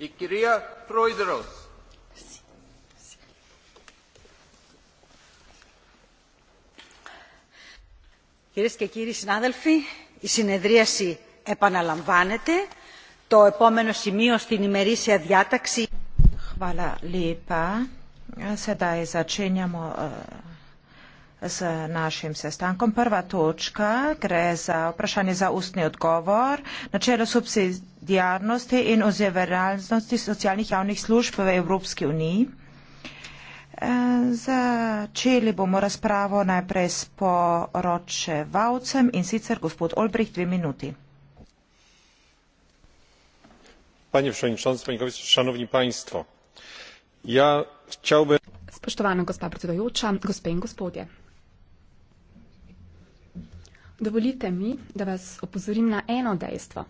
Et queria proidros. Κυρίες και κύριοι συνάδελφοι, η συνεδρίαση επαναλαμβάνεται. Το επόμενο σημείο στην ημερήσια διάταξη... Χβάλα λίπα. Σε τα εσαξένια μου... Uh z našim sestankom. Prva točka gre za vprašanje za ustni odgovor. Načelo subsidijarnosti in ozeveralnosti socialnih javnih služb v Evropski uniji. E, začeli bomo razpravo najprej s poročevalcem in sicer gospod Olbricht dve minuti. Panie przewodniczący, panie komisarzu, szanowni państwo. Ja chciałbym Spoštovana gospa predsedujoča, gospe in gospodje. Dovolite mi, da vas opozorim na eno dejstvo.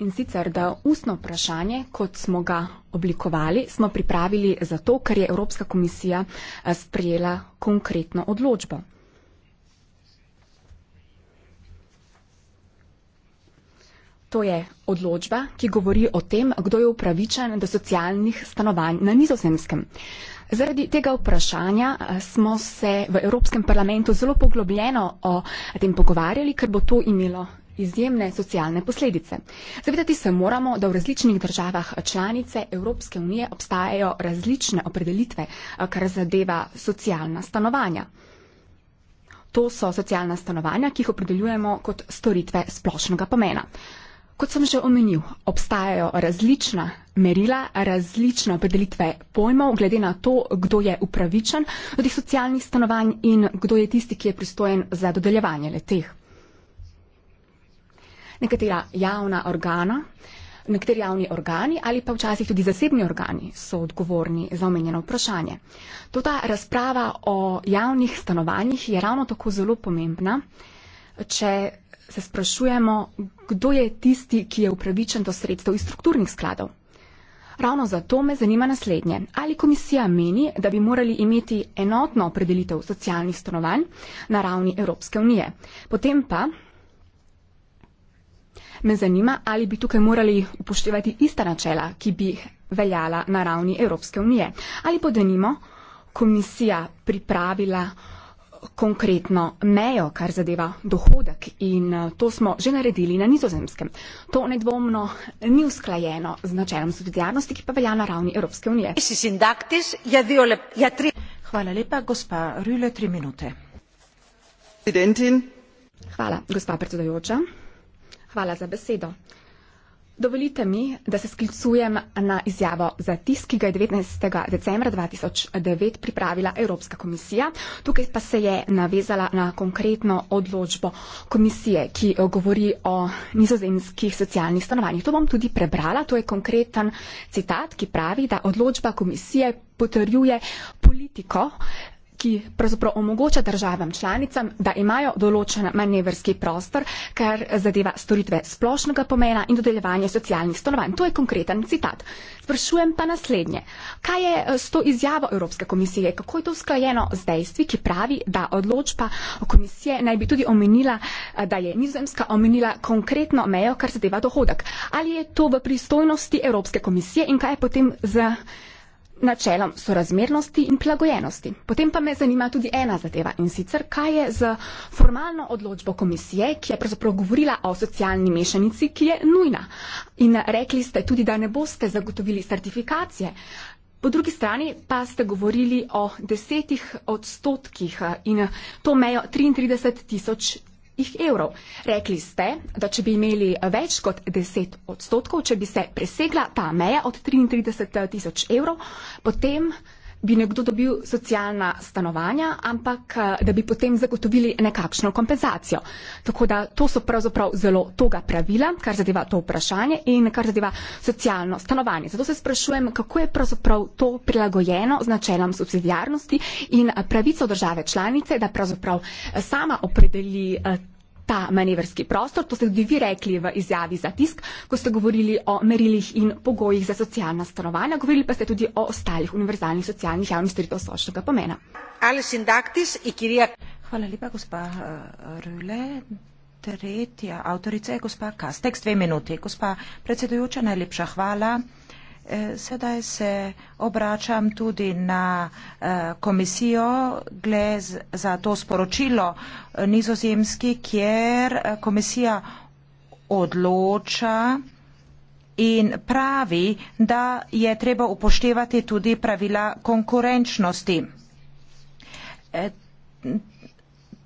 In sicer, da ustno vprašanje, kot smo ga oblikovali, smo pripravili zato, ker je Evropska komisija eh, sprejela konkretno odločbo. To je odločba, ki govori o tem, kdo je upravičen do socialnih stanovanj na nizozemskem. Zaradi tega vprašanja eh, smo se v Evropskem parlamentu zelo poglobljeno o tem pogovarjali, ker bo to imelo izjemne socialne posledice. Zavedati se moramo, da v različnih državah eh, članice Evropske unije obstajajo različne opredelitve, eh, kar zadeva socialna stanovanja. To so socialna stanovanja, ki jih opredeljujemo kot storitve splošnega pomena. Kot sem že omenil, obstajajo različna merila, različne opredelitve pojmov, glede na to, kdo je upravičen do teh socialnih stanovanj in kdo je tisti, ki je pristojen za dodeljevanje leteh. Nekatera javna organa, nekateri javni organi ali pa včasih tudi zasebni organi so odgovorni za omenjeno vprašanje. Tota razprava o javnih stanovanjih je ravno tako zelo pomembna, če se sprašujemo, kdo je tisti, ki je upravičen do sredstev iz strukturnih skladov. Ravno zato me zanima naslednje. Ali komisija meni, da bi morali imeti enotno opredelitev socialnih stanovanj na ravni Evropske unije? Potem pa me zanima, ali bi tukaj morali upoštevati ista načela, ki bi veljala na ravni Evropske unije. Ali pa denimo komisija pripravila konkretno mejo, kar zadeva dohodek in eh, to smo že naredili na nizozemskem. To nedvomno ni usklajeno z načelom subsidijarnosti, ki pa velja na ravni Evropske unije. Ja ja Hvala lepa, gospa Rüle, tri minute. Hvala, gospa predsedujoča. Hvala za besedo. Dovolite mi, da se sklicujem na izjavo za tisk, ki ga je 19. decembra 2009 pripravila Evropska komisija. Tukaj pa se je navezala na konkretno odločbo komisije, ki eh, govori o nizozemskih socialnih stanovanjih. To bom tudi prebrala. To je konkreten citat, ki pravi, da odločba komisije potrjuje politiko ki pravzaprav omogoča državam članicam, da imajo določen manevrski prostor, kar zadeva storitve splošnega pomena in dodeljevanje socialnih stanovanj. To je konkreten citat. Sprašujem pa naslednje. Kaj je eh, s to izjavo Evropske komisije? Kako je to usklajeno z dejstvi, ki pravi, da odločba komisije naj bi tudi omenila, eh, da je nizozemska omenila konkretno mejo, kar zadeva dohodek? Ali je to v pristojnosti Evropske komisije in kaj je potem z načelom sorazmernosti in plagojenosti. Potem pa me zanima tudi ena zadeva in sicer, kaj je z formalno odločbo komisije, ki je pravzaprav govorila o socialni mešanici, ki je nujna. In rekli ste tudi, da ne boste zagotovili certifikacije. Po drugi strani pa ste govorili o desetih odstotkih in to mejo 33 tisoč evrov. Rekli ste, da če bi imeli več kot 10 odstotkov, če bi se presegla ta meja od 33 eh, tisoč evrov, potem bi nekdo dobil socialna stanovanja, ampak eh, da bi potem zagotovili nekakšno kompenzacijo. Tako da to so pravzaprav zelo toga pravila, kar zadeva to vprašanje in kar zadeva socialno stanovanje. Zato se sprašujem, kako je pravzaprav to prilagojeno z načelom subsidijarnosti in eh, pravico države članice, da pravzaprav eh, sama opredeli ta manevrski prostor. To ste tudi vi rekli v izjavi za tisk, ko ste govorili o merilih in pogojih za socialna stanovanja, govorili pa ste tudi o ostalih univerzalnih socialnih javnih storitev sočnega pomena. Hvala lepa, gospa eh, Rule. Tretja avtorica je gospa Kas. Tekst dve minuti. Gospa predsedujoča, najlepša hvala. Uh, E, sedaj se obračam tudi na e, komisijo glez za to sporočilo e, nizozemski, kjer komisija odloča in pravi, da je treba upoštevati tudi pravila konkurenčnosti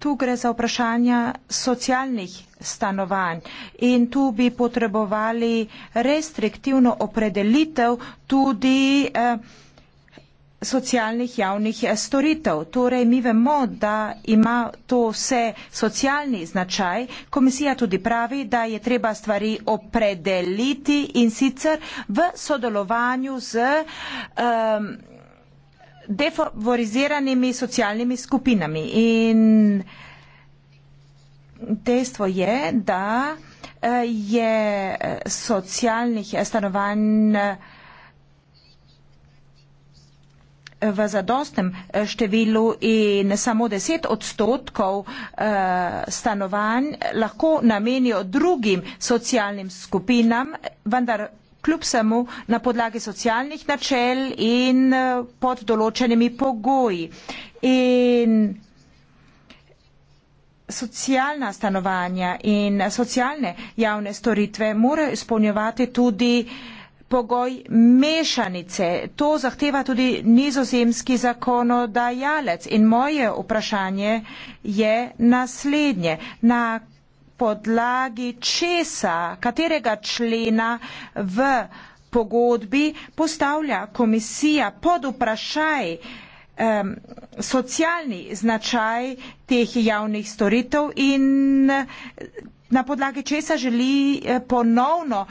tu gre za vprašanja socialnih stanovanj in tu bi potrebovali restriktivno opredelitev tudi eh, socialnih javnih eh, storitev. Torej, mi vemo, da ima to vse socialni značaj. Komisija tudi pravi, da je treba stvari opredeliti in sicer v sodelovanju z um, defavoriziranimi socialnimi skupinami. In dejstvo je, da eh, je eh, socialnih eh, stanovanj v zadostnem številu in samo 10 odstotkov stanovanj lahko namenijo drugim socialnim skupinam, vendar kljub samo na podlagi socialnih načel in eh, pod določenimi pogoji. In socialna stanovanja in socialne javne storitve morajo izpolnjevati tudi pogoj mešanice. To zahteva tudi nizozemski zakonodajalec. In moje vprašanje je naslednje. Na podlagi česa, katerega člena v pogodbi postavlja komisija pod vprašaj um, socialni značaj teh javnih storitev in eh, na podlagi česa želi eh, ponovno uh,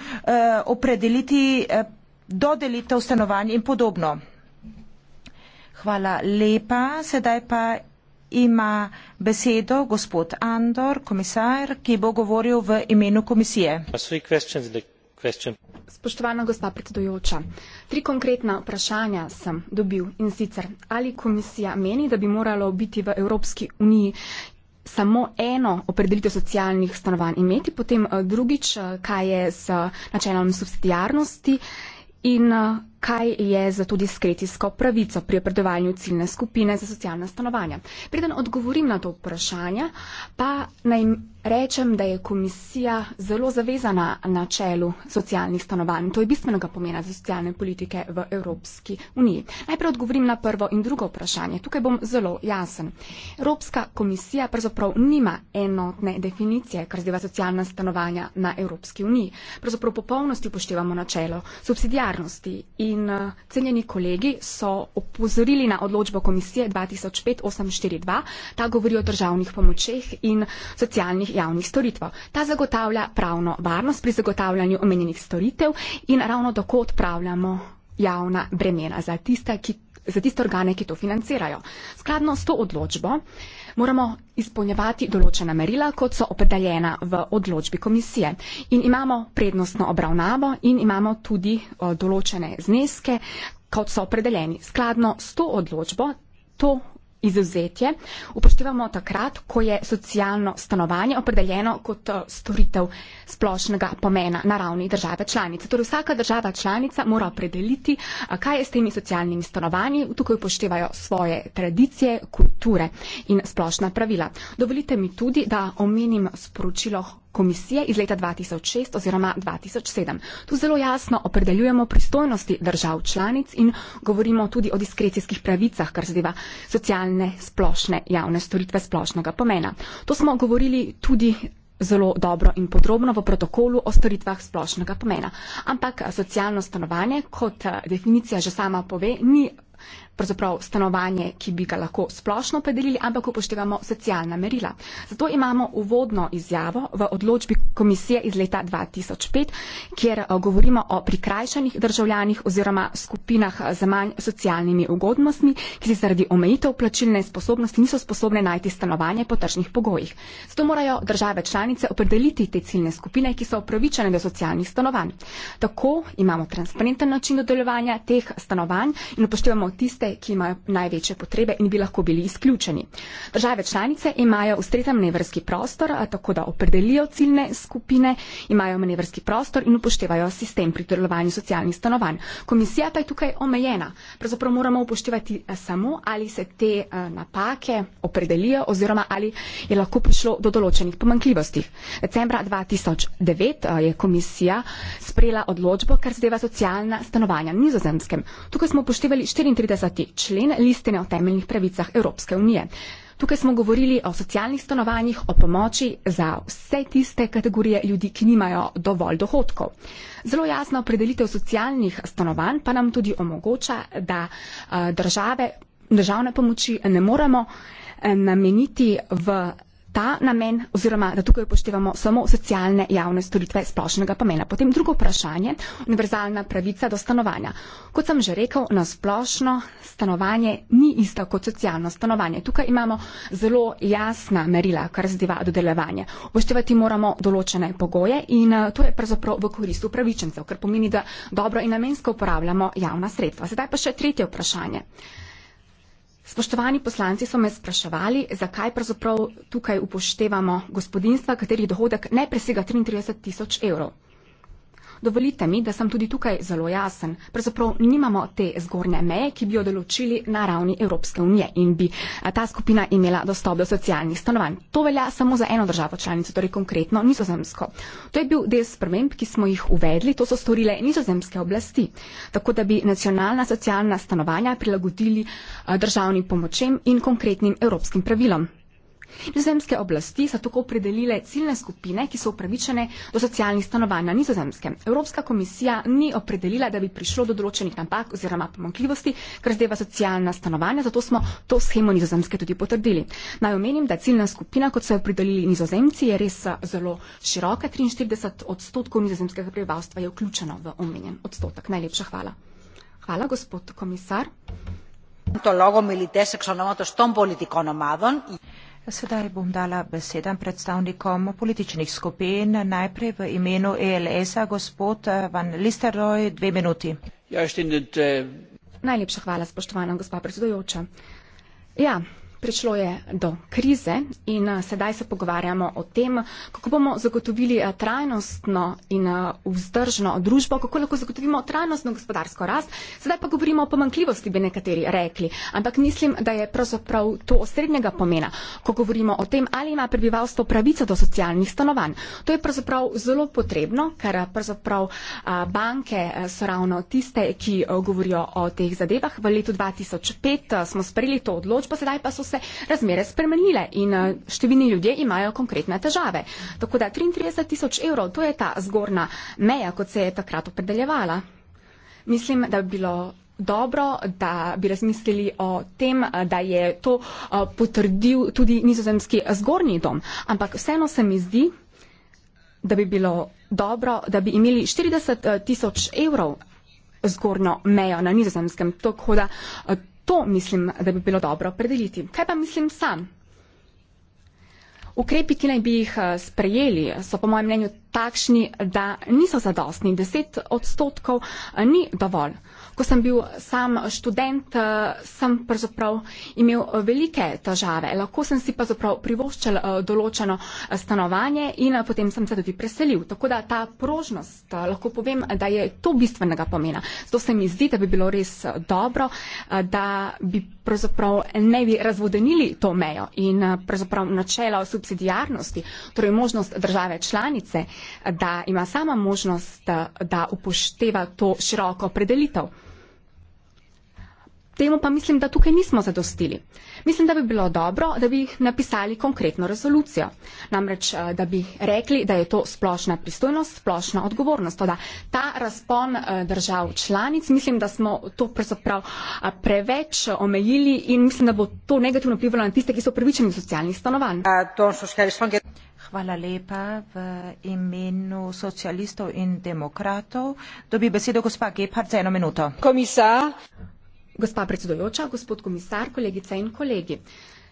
opredeliti uh, dodelitev stanovanj in podobno. Hvala lepa. Sedaj pa ima besedo gospod Andor, komisar, ki bo govoril v imenu komisije. Spoštovana gospa predsedujoča, tri konkretna vprašanja sem dobil in sicer, ali komisija meni, da bi moralo biti v Evropski uniji samo eno opredelitev socialnih stanovanj imeti, potem eh, drugič, eh, kaj je z načelom subsidijarnosti in eh, kaj je za to diskretijsko pravico pri opredovanju ciljne skupine za socialna stanovanja. Preden odgovorim na to vprašanje, pa naj rečem, da je komisija zelo zavezana na čelu socialnih stanovanj. To je bistvenega pomena za socialne politike v Evropski uniji. Najprej odgovorim na prvo in drugo vprašanje. Tukaj bom zelo jasen. Evropska komisija pravzaprav nima enotne definicije, kar zdeva socialna stanovanja na Evropski uniji. Pravzaprav popolnosti upoštevamo načelo subsidijarnosti in eh, cenjeni kolegi so opozorili na odločbo komisije 2005-842. Ta govori o državnih pomočeh in socialnih javnih storitvah. Ta zagotavlja pravno varnost pri zagotavljanju omenjenih storitev in ravno tako odpravljamo javna bremena za tiste, ki za tiste organe, ki to financirajo. Skladno s to odločbo moramo izpolnjevati določena merila, kot so opredeljena v odločbi komisije. In imamo prednostno obravnavo in imamo tudi eh, določene zneske, kot so opredeljeni. Skladno s to odločbo to izuzetje upoštevamo takrat, ko je socialno stanovanje opredeljeno kot eh, storitev splošnega pomena na ravni države članice. Torej vsaka država članica mora opredeliti, eh, kaj je s temi socialnimi stanovanji, tukaj upoštevajo svoje tradicije, kulture in splošna pravila. Dovolite mi tudi, da omenim sporočilo komisije iz leta 2006 oziroma 2007. Tu zelo jasno opredeljujemo pristojnosti držav članic in govorimo tudi o diskrecijskih pravicah, kar zadeva socialne splošne javne storitve splošnega pomena. To smo govorili tudi zelo dobro in podrobno v protokolu o storitvah splošnega pomena. Ampak socialno stanovanje, kot eh, definicija že sama pove, ni pravzaprav stanovanje, ki bi ga lahko splošno opredelili, ampak upoštevamo socialna merila. Zato imamo uvodno izjavo v odločbi komisije iz leta 2005, kjer eh, govorimo o prikrajšanih državljanih oziroma skupinah eh, z manj socialnimi ugodnostmi, ki si zaradi omejitev plačilne sposobnosti niso sposobne najti stanovanje po tržnih pogojih. Zato morajo države članice opredeliti te ciljne skupine, ki so upravičene do socialnih stanovanj. Tako imamo transparenten način dodeljevanja teh stanovanj in upoštevamo tiste, tiste, ki imajo največje potrebe in bi lahko bili izključeni. Države članice imajo ustrezan manevrski prostor, tako da opredelijo ciljne skupine, imajo manevrski prostor in upoštevajo sistem pri delovanju socialnih stanovanj. Komisija pa je tukaj omejena. Pravzaprav moramo upoštevati eh, samo, ali se te eh, napake opredelijo oziroma ali je lahko prišlo do določenih pomankljivosti. Decembra 2009 eh, je komisija sprejela odločbo, kar zadeva socialna stanovanja na nizozemskem. Tukaj smo upoštevali 34 20. člen listine o temeljnih pravicah Evropske unije. Tukaj smo govorili o socialnih stanovanjih, o pomoči za vse tiste kategorije ljudi, ki nimajo dovolj dohodkov. Zelo jasna opredelitev socialnih stanovanj pa nam tudi omogoča, da eh, države, državne pomoči ne moremo eh, nameniti v ta namen oziroma da tukaj upoštevamo samo socialne javne storitve splošnega pomena. Potem drugo vprašanje, univerzalna pravica do stanovanja. Kot sem že rekel, na splošno stanovanje ni isto kot socialno stanovanje. Tukaj imamo zelo jasna merila, kar zadeva dodelevanje. Upoštevati moramo določene pogoje in eh, to je pravzaprav v korist upravičencev, kar pomeni, da dobro in namensko uporabljamo javna sredstva. Sedaj pa še tretje vprašanje. Spoštovani poslanci so me spraševali, zakaj pravzaprav tukaj upoštevamo gospodinstva, katerih dohodek ne presega 33 tisoč evrov dovolite mi, da sem tudi tukaj zelo jasen. Pravzaprav nimamo te zgornje meje, ki bi jo določili na ravni Evropske unije in bi eh, ta skupina imela dostop do socialnih stanovanj. To velja samo za eno državo članico, torej konkretno nizozemsko. To je bil del sprememb, ki smo jih uvedli, to so storile nizozemske oblasti, tako da bi nacionalna socialna stanovanja prilagodili eh, državnim pomočem in konkretnim evropskim pravilom. Nizozemske oblasti so tako opredelile ciljne skupine, ki so upravičene do socialnih stanovanj na nizozemskem. Evropska komisija ni opredelila, da bi prišlo do določenih napak oziroma pomankljivosti, kar zdaj pa socialna stanovanja, zato smo to schemo nizozemske tudi potrdili. Naj omenim, da ciljna skupina, kot so jo opredelili nizozemci, je res eh, zelo široka. 43 odstotkov nizozemskega prebivalstva je vključeno v omenjen odstotek. Najlepša hvala. Hvala, gospod komisar. Sedaj bom dala besedam predstavnikom političnih skupin. Najprej v imenu ELS-a gospod eh, Van Listeroj, dve minuti. Ja, Najlepša hvala, spoštovana gospa predsedujoča. Ja, prišlo je do krize in eh, sedaj se pogovarjamo o tem, kako bomo zagotovili eh, trajnostno in eh, vzdržno družbo, kako lahko zagotovimo trajnostno gospodarsko rast. Sedaj pa govorimo o pomankljivosti, bi nekateri rekli, ampak mislim, da je pravzaprav to osrednjega pomena, ko govorimo o tem, ali ima prebivalstvo pravico do socialnih stanovanj. To je pravzaprav zelo potrebno, ker pravzaprav banke so ravno tiste, ki govorijo o teh zadevah. V letu 2005 smo sprejeli to odločbo, sedaj pa so se se razmere spremenile in eh, številni ljudje imajo konkretne težave. Tako da 33 tisoč evrov, to je ta zgornja meja, kot se je takrat opredeljevala. Mislim, da bi bilo dobro, da bi razmislili o tem, eh, da je to eh, potrdil tudi nizozemski zgornji dom. Ampak vseeno se mi zdi, da bi bilo dobro, da bi imeli 40 tisoč evrov zgornjo mejo na nizozemskem. Tako da To mislim, da bi bilo dobro predeliti. Kaj pa mislim sam? Ukrepi, ki naj bi jih eh, sprejeli, so po mojem mnenju takšni, da niso zadostni. 10 odstotkov eh, ni dovolj ko sem bil sam študent, eh, sem pravzaprav imel eh, velike težave. Lahko sem si pa privoščal eh, določeno stanovanje in potem sem se tudi preselil. Tako da ta prožnost, lahko povem, da je to bistvenega pomena. Zato se mi zdi, da bi bilo res dobro, da bi pravzaprav ne bi razvodenili to mejo in pravzaprav načela subsidijarnosti, torej možnost države članice, da ima sama možnost, da upošteva to široko predelitev temu pa mislim, da tukaj nismo zadostili. Mislim, da bi bilo dobro, da bi napisali konkretno rezolucijo. Namreč, eh, da bi rekli, da je to splošna pristojnost, splošna odgovornost. Toda ta razpon eh, držav članic, mislim, da smo to eh, preveč omejili in mislim, da bo to negativno vplivalo na tiste, ki so prvičeni socialnih stanovanj. Hvala lepa v imenu socialistov in demokratov. Dobi besedo gospa Gephardt za eno minuto. Komisar. Gospa predsedojoča, gospod komisar, kolegice in kolegi.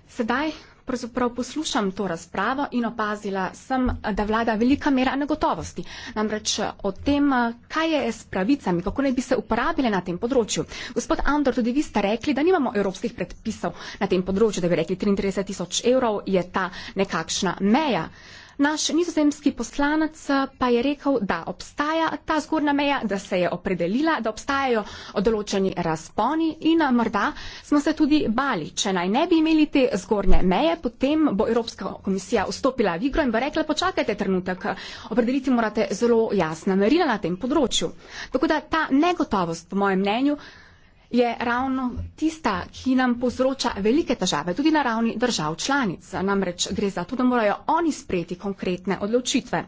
Sedaj pravzaprav poslušam to razpravo in opazila sem, da vlada velika mera negotovosti. Namreč o tem, kaj je s pravicami, kako naj bi se uporabile na tem področju. Gospod Andor, tudi vi ste rekli, da nimamo evropskih predpisov na tem področju, da bi rekli 33 tisoč evrov je ta nekakšna meja. Uh, Naš nizozemski poslanec eh, pa je rekel, da obstaja ta zgornja meja, da se je opredelila, da obstajajo določeni razponi in eh, morda smo se tudi bali, če naj ne bi imeli te zgornje meje, potem bo Evropska komisija vstopila v igro in bo rekla, počakajte trenutek, eh, opredeliti morate zelo jasna merila na tem področju. Tako da ta negotovost, po mojem mnenju, je ravno tista, ki nam povzroča velike težave tudi na ravni držav članic. Namreč gre za to, da morajo oni sprejeti konkretne odločitve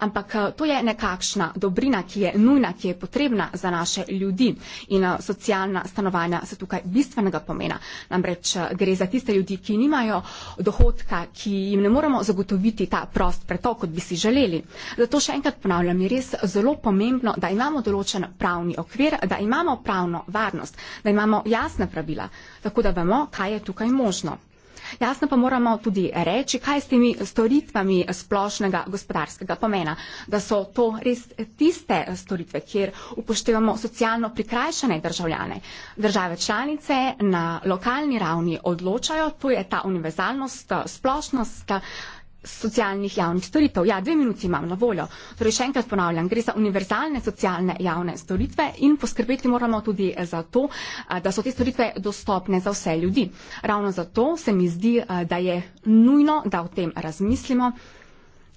ampak eh, to je nekakšna dobrina, ki je nujna, ki je potrebna za naše ljudi in eh, socialna stanovanja so tukaj bistvenega pomena. Namreč eh, gre za tiste ljudi, ki nimajo dohodka, ki jim ne moremo zagotoviti ta prost pretok, kot bi si želeli. Zato še enkrat ponavljam, je res zelo pomembno, da imamo določen pravni okvir, da imamo pravno varnost, da imamo jasne pravila, tako da vemo, kaj je tukaj možno. Jasno pa moramo tudi reči, kaj s temi storitvami splošnega gospodarskega pomena. Da so to res tiste storitve, kjer upoštevamo socialno prikrajšane državljane. Države članice na lokalni ravni odločajo, to je ta univerzalnost, splošnost socialnih javnih storitev. Ja, dve minuti imam na voljo. Torej, še enkrat ponavljam, gre za univerzalne socialne javne storitve in poskrbeti moramo tudi za to, da so te storitve dostopne za vse ljudi. Ravno zato se mi zdi, da je nujno, da o tem razmislimo.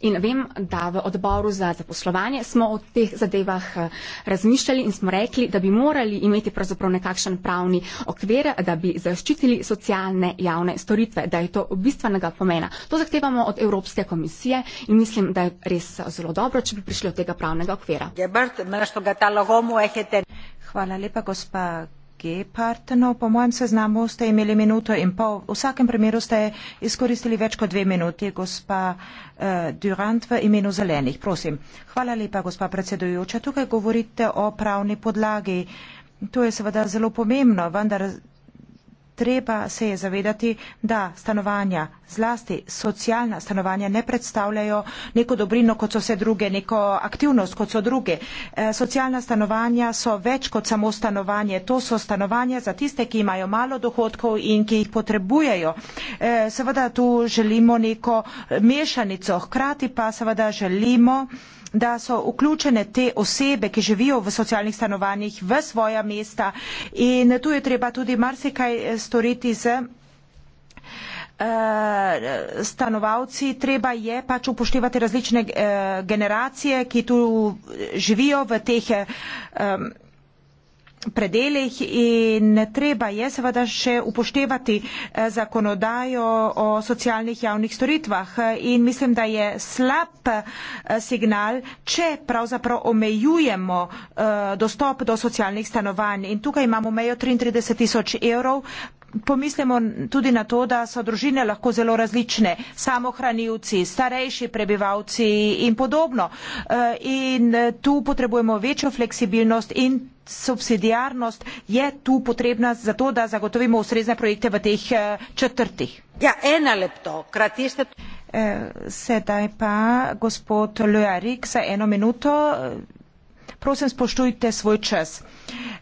In vem, da v odboru za zaposlovanje smo o teh zadevah eh, razmišljali in smo rekli, da bi morali imeti pravzaprav nekakšen pravni okvir, da bi zaščitili socialne javne storitve, da je to bistvenega pomena. To zahtevamo od Evropske komisije in mislim, da je res eh, zelo dobro, če bi prišli od tega pravnega okvira. Hvala lepa, gospa. Gepardno. Po mojem seznamu ste imeli minuto in pol. V vsakem primeru ste izkoristili več kot dve minuti. Gospa uh, Durant v imenu zelenih, prosim. Hvala lepa, gospa predsedujoča. Tukaj govorite o pravni podlagi. To je seveda zelo pomembno, vendar treba se je zavedati, da stanovanja, zlasti socialna stanovanja, ne predstavljajo neko dobrino, kot so vse druge, neko aktivnost, kot so druge. E, socialna stanovanja so več kot samo stanovanje. To so stanovanja za tiste, ki imajo malo dohodkov in ki jih potrebujejo. E, seveda tu želimo neko mešanico, hkrati pa seveda želimo da so vključene te osebe, ki živijo v socialnih stanovanjih, v svoja mesta in tu je treba tudi marsikaj eh, storiti z eh, stanovalci, treba je pač upoštevati različne eh, generacije, ki tu živijo v teh um, predeljih in treba je seveda še upoštevati eh, zakonodajo o socialnih javnih storitvah in mislim, da je slab eh, signal, če pravzaprav omejujemo eh, dostop do socialnih stanovanj in tukaj imamo mejo 33 tisoč evrov, pomislimo tudi na to, da so družine lahko zelo različne, samohranilci, starejši prebivalci in podobno. E, in e, tu potrebujemo večjo fleksibilnost in subsidijarnost je tu potrebna za to, da zagotovimo ustrezne projekte v teh e, četrtih. Ja, ena lepto, krati ste. Sedaj pa gospod Ljujarik za eno minuto. Prosim, spoštujte svoj čas.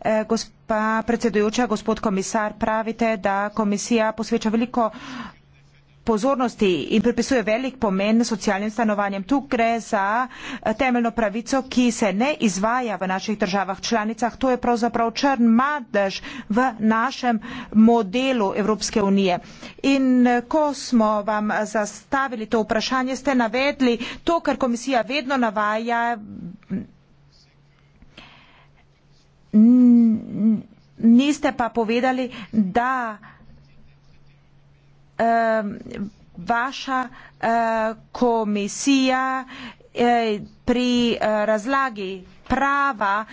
Eh, gospa predsedujoča, gospod komisar, pravite, da komisija posveča veliko pozornosti in pripisuje velik pomen socialnim stanovanjem. Tu gre za eh, temeljno pravico, ki se ne izvaja v naših državah članicah. To je pravzaprav črn madež v našem modelu Evropske unije. In eh, ko smo vam zastavili to vprašanje, ste navedli to, kar komisija vedno navaja niste pa povedali, da uh, vaša uh, komisija uh, pri uh, razlagi prava uh,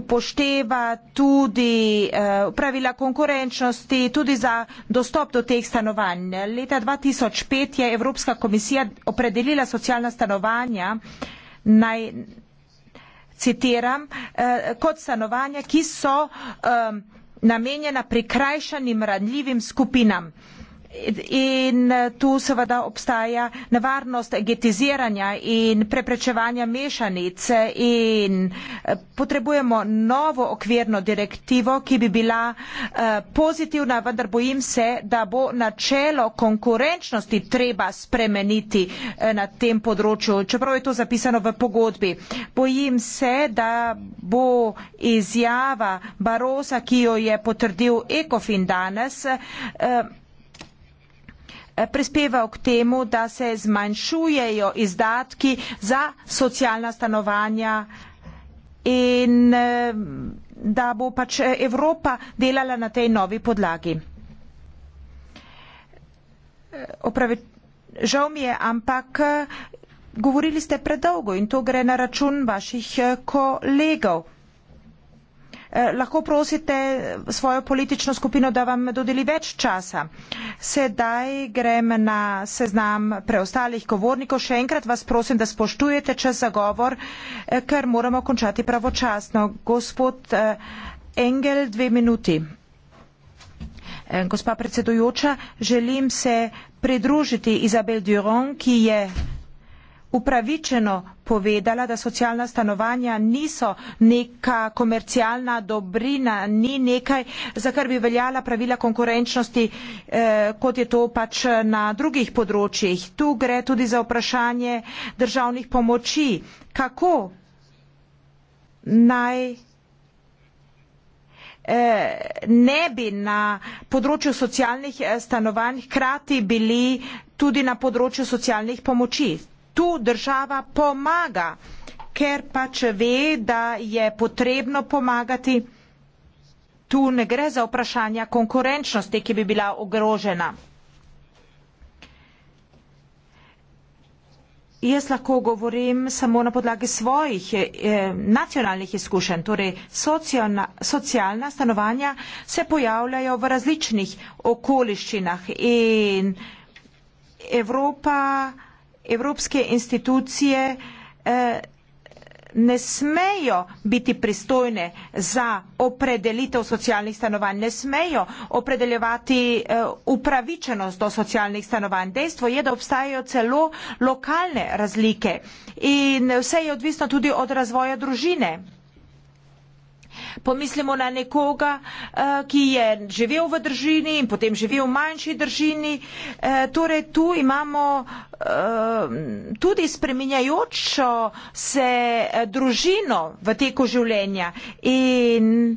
upošteva tudi uh, pravila konkurenčnosti, tudi za dostop do teh stanovanj. Leta 2005 je Evropska komisija opredelila socialna stanovanja naj citiram, eh, kot stanovanja, ki so eh, namenjena prikrajšanim ranljivim skupinam in eh, tu seveda obstaja nevarnost getiziranja in preprečevanja mešanic in eh, potrebujemo novo okvirno direktivo, ki bi bila eh, pozitivna, vendar bojim se, da bo načelo konkurenčnosti treba spremeniti na tem področju, čeprav je to zapisano v pogodbi. Bojim se, da bo izjava Barosa, ki jo je potrdil Ekofin danes, prispeval k temu, da se zmanjšujejo izdatki za socialna stanovanja in eh, da bo pač Evropa delala na tej novi podlagi. Eh, opravi, žal mi je, ampak eh, govorili ste predolgo in to gre na račun vaših kolegov. Eh, lahko prosite svojo politično skupino, da vam dodeli več časa. Sedaj grem na seznam preostalih govornikov. Še enkrat vas prosim, da spoštujete čas za govor, eh, ker moramo končati pravočasno. Gospod eh, Engel, dve minuti. Gospa predsedujoča, želim se pridružiti Izabel Duron, ki je upravičeno povedala, da socialna stanovanja niso neka komercialna dobrina, ni nekaj, za kar bi veljala pravila konkurenčnosti, eh, kot je to pač na drugih področjih. Tu gre tudi za vprašanje državnih pomoči. Kako naj eh, ne bi na področju socialnih eh, stanovanj hkrati bili tudi na področju socialnih pomoči tu država pomaga, ker pač ve, da je potrebno pomagati. Tu ne gre za vprašanja konkurenčnosti, ki bi bila ogrožena. Jaz lahko govorim samo na podlagi svojih eh, nacionalnih izkušenj. Torej, socialna, socialna stanovanja se pojavljajo v različnih okoliščinah in Evropa evropske institucije eh, ne smejo biti pristojne za opredelitev socialnih stanovanj, ne smejo opredeljevati eh, upravičenost do socialnih stanovanj. Dejstvo je, da obstajajo celo lokalne razlike in vse je odvisno tudi od razvoja družine. Pomislimo na nekoga, eh, ki je živel v držini in potem živel v manjši držini. Eh, torej, tu imamo eh, tudi spreminjajočo se družino v teku življenja in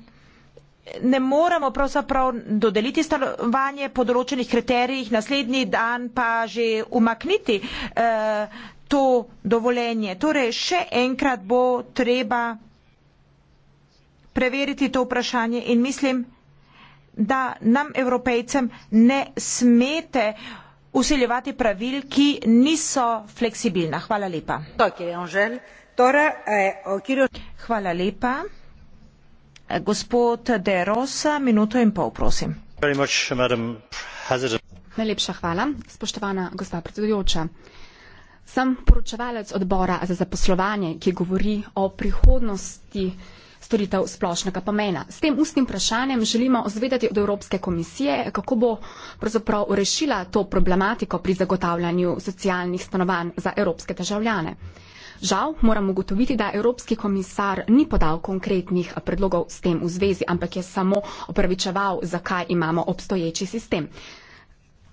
ne moramo pravzaprav dodeliti stanovanje po določenih kriterijih, naslednji dan pa že umakniti to dovoljenje. Torej, še enkrat bo treba preveriti to vprašanje in mislim, da nam evropejcem ne smete usiljevati pravil, ki niso fleksibilna. Hvala lepa. Torej, eh, hvala lepa. Gospod De Rosa, minuto in pol, prosim. Najlepša hvala, spoštovana gospa predsedujoča. Sem poročevalec odbora za zaposlovanje, ki govori o prihodnosti storitev splošnega pomena. S tem ustnim vprašanjem želimo ozvedeti od Evropske komisije, kako bo pravzaprav rešila to problematiko pri zagotavljanju socialnih stanovanj za evropske državljane. Žal moram ugotoviti, da Evropski komisar ni podal konkretnih predlogov s tem v zvezi, ampak je samo opravičeval, zakaj imamo obstoječi sistem.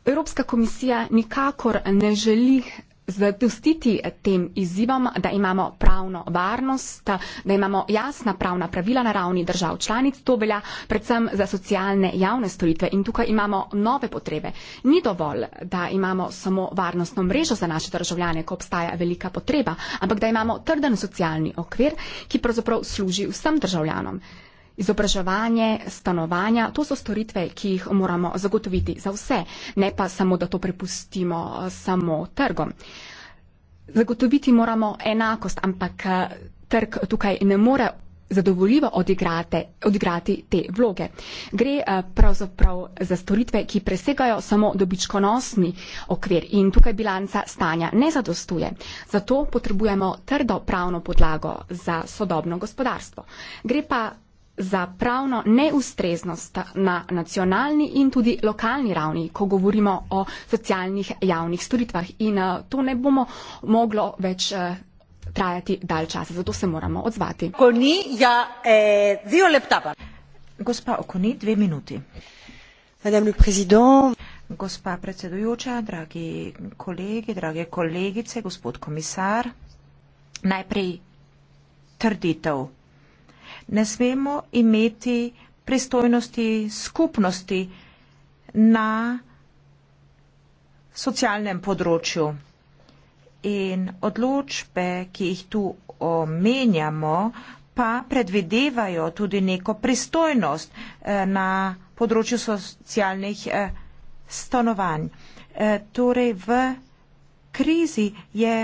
Evropska komisija nikakor ne želi zadostiti tem izzivom, da imamo pravno varnost, da imamo jasna pravna pravila na ravni držav članic. To velja predvsem za socialne javne storitve in tukaj imamo nove potrebe. Ni dovolj, da imamo samo varnostno mrežo za naše državljane, ko obstaja velika potreba, ampak da imamo trden socialni okvir, ki pravzaprav služi vsem državljanom. Izobraževanje, stanovanja, to so storitve, ki jih moramo zagotoviti za vse, ne pa samo, da to prepustimo eh, samo trgom. Zagotoviti moramo enakost, ampak eh, trg tukaj ne more zadovoljivo odigrati te vloge. Gre eh, pravzaprav za storitve, ki presegajo samo dobičkonosni okvir in tukaj bilanca stanja ne zadostuje. Zato potrebujemo trdo pravno podlago za sodobno gospodarstvo. Gre pa za pravno neustreznost na nacionalni in tudi lokalni ravni, ko govorimo o socialnih javnih storitvah. In eh, to ne bomo moglo več eh, trajati dal časa, zato se moramo odzvati. Koni, ja, eh, zio leptaba. Gospa Okoni, dve minuti. Madame le président. Gospa predsedujoča, dragi kolegi, drage kolegice, gospod komisar, najprej trditev ne smemo imeti pristojnosti skupnosti na socialnem področju. In odločbe, ki jih tu omenjamo, pa predvidevajo tudi neko pristojnost eh, na področju socialnih eh, stanovanj. Eh, torej v krizi je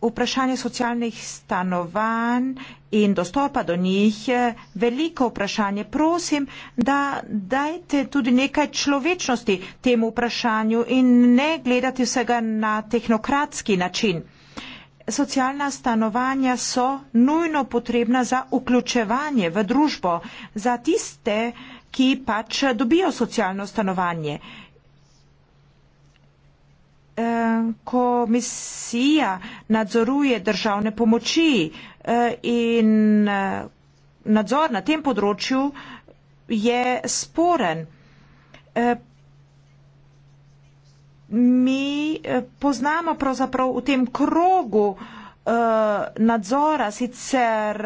vprašanje socialnih stanovanj in dostopa do njih eh, veliko vprašanje. Prosim, da dajte tudi nekaj človečnosti temu vprašanju in ne gledati vsega na tehnokratski način. Socialna stanovanja so nujno potrebna za vključevanje v družbo, za tiste, ki pač dobijo socialno stanovanje. Eh, komisija nadzoruje državne pomoči eh, in eh, nadzor na tem področju je sporen. Mi poznamo pravzaprav v tem krogu nadzora sicer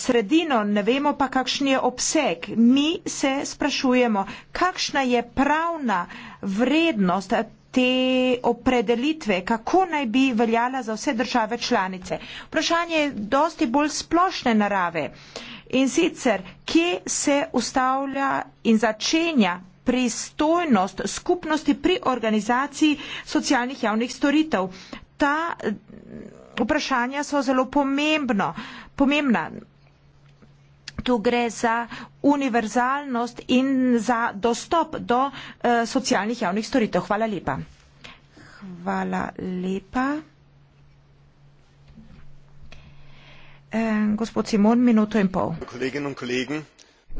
sredino, ne vemo pa, kakšen je obseg. Mi se sprašujemo, kakšna je pravna vrednost te opredelitve, kako naj bi veljala za vse države članice. Vprašanje je dosti bolj splošne narave in sicer, kje se ustavlja in začenja pristojnost skupnosti pri organizaciji socialnih javnih storitev. Ta mm, vprašanja so zelo pomembno, pomembna tu gre za univerzalnost in za dostop do uh, socialnih javnih storitev. Hvala lepa. Hvala lepa. Eh, gospod Simon, minuto in pol.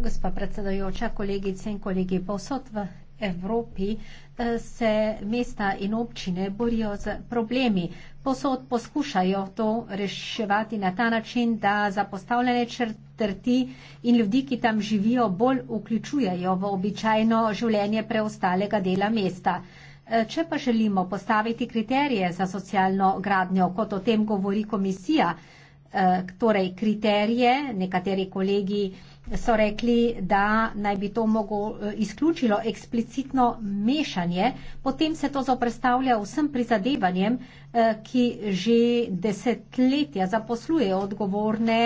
Gospa predsedajoča, kolegice in kolegi, povsod v Evropi eh, se mesta in občine borijo z problemi. Posod poskušajo to reševati na ta način, da zapostavljene črtrti in ljudi, ki tam živijo, bolj vključujejo v običajno življenje preostalega dela mesta. Eh, če pa želimo postaviti kriterije za socialno gradnjo, kot o tem govori komisija, eh, torej kriterije, nekateri kolegi so rekli, da naj bi to mogo izključilo eksplicitno mešanje, potem se to zoprestavlja vsem prizadevanjem, eh, ki že desetletja zaposlujejo odgovorne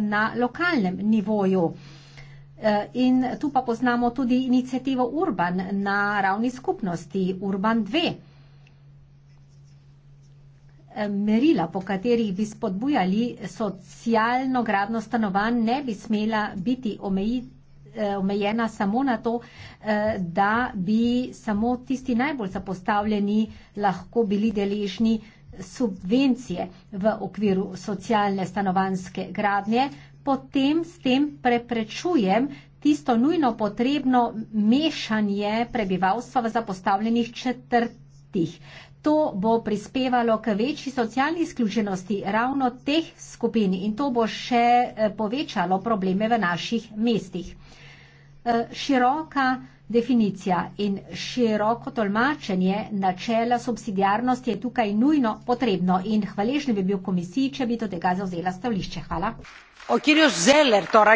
na lokalnem nivoju. Eh, in tu pa poznamo tudi inicijativo Urban na ravni skupnosti Urban 2 merila, po katerih bi spodbujali socialno gradno stanovanj, ne bi smela biti omejiti eh, omejena samo na to, eh, da bi samo tisti najbolj zapostavljeni lahko bili deležni subvencije v okviru socialne stanovanske gradnje, potem s tem preprečujem tisto nujno potrebno mešanje prebivalstva v zapostavljenih četrtih. To bo prispevalo k večji socialni izključenosti ravno teh skupin in to bo še eh, povečalo probleme v naših mestih. Eh, široka definicija in široko tolmačenje načela subsidijarnosti je tukaj nujno potrebno in hvaležni bi bil komisiji, če bi do tega zauzela stavlišče. Hvala.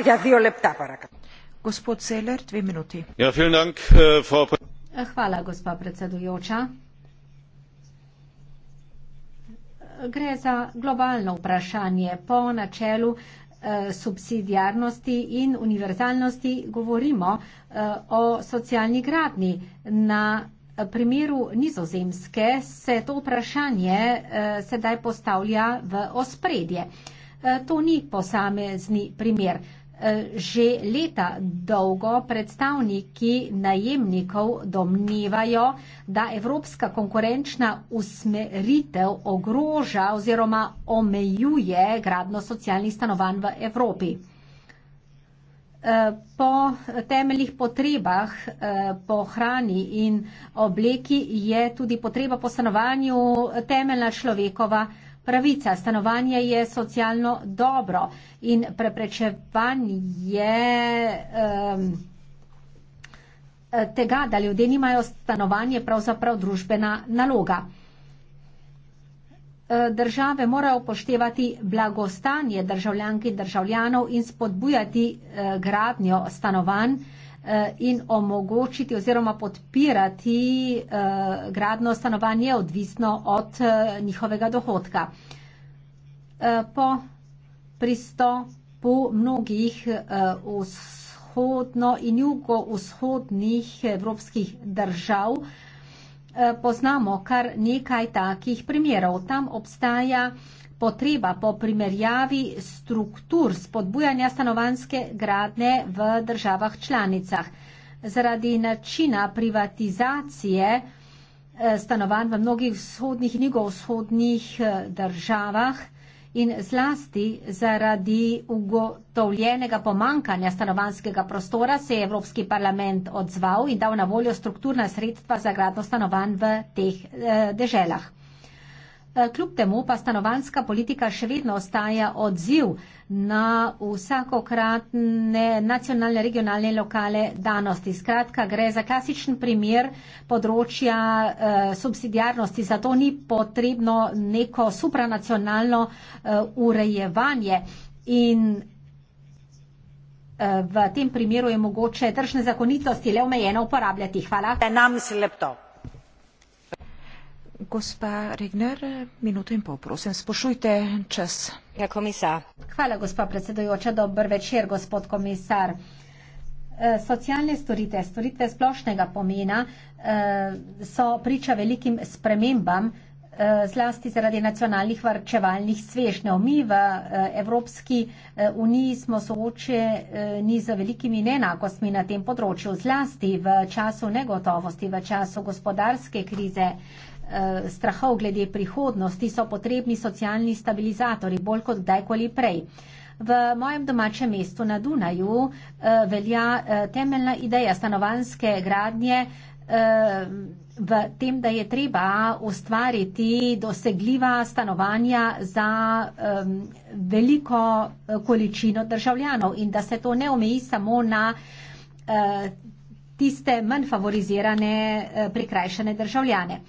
Ja, Gospod Zeller, dve minuti. Ja, eh, hvala, gospa predsedujoča. gre za globalno vprašanje. Po načelu eh, subsidijarnosti in univerzalnosti govorimo eh, o socialni gradni. Na eh, primeru nizozemske se to vprašanje eh, sedaj postavlja v ospredje. Eh, to ni posamezni primer. Eh, Eh, že leta dolgo predstavniki najemnikov domnevajo, da evropska konkurenčna usmeritev ogroža oziroma omejuje gradno socialnih stanovanj v Evropi. Eh, po temeljih potrebah eh, po hrani in obleki je tudi potreba po stanovanju temeljna človekova. Pravica stanovanja je socialno dobro in preprečevanje um, tega, da ljudje nimajo stanovanje, pravzaprav družbena naloga. E, države morajo upoštevati blagostanje državljank in državljanov in spodbujati e, gradnjo stanovanj. Eh, in omogočiti oziroma podpirati eh, gradno stanovanje odvisno od eh, njihovega dohodka. Po pristopu mnogih vzhodno in jugovzhodnih evropskih držav poznamo kar nekaj takih primerov. Tam obstaja potreba po primerjavi struktur spodbujanja stanovanske gradne v državah članicah. Zaradi načina privatizacije eh, stanovanj v mnogih vzhodnih in jugovzhodnih eh, državah in zlasti zaradi ugotovljenega pomankanja stanovanskega prostora se je Evropski parlament odzval in dal na voljo strukturna sredstva za gradno stanovanj v teh eh, deželah. Eh, kljub temu pa stanovanska politika še vedno ostaja odziv na vsakokratne nacionalne, regionalne, lokale danosti. Skratka, gre za klasičen primer področja eh, subsidijarnosti, zato ni potrebno neko supranacionalno eh, urejevanje. In eh, v tem primeru je mogoče tržne zakonitosti le omejeno uporabljati. Hvala. Denam si laptop. Gospa Regner, minuto in pol, prosim, spoštujte čas. Ja, komisar. Hvala, gospa predsedujoča. Dober večer, gospod komisar. Eh, socialne storitve, storitve splošnega pomena eh, so priča velikim spremembam, eh, zlasti zaradi nacionalnih varčevalnih svežnjev. Mi v Evropski uniji smo soočeni z velikimi nenakostmi na tem področju, zlasti v času negotovosti, v času gospodarske krize. Eh, strahov glede prihodnosti, so potrebni socialni stabilizatori bolj kot kdajkoli prej. V mojem domačem mestu na Dunaju eh, velja eh, temeljna ideja stanovanske gradnje v tem, da je treba ustvariti dosegljiva stanovanja za veliko količino državljanov in da se to ne omeji samo na tiste manj favorizirane prikrajšane državljane.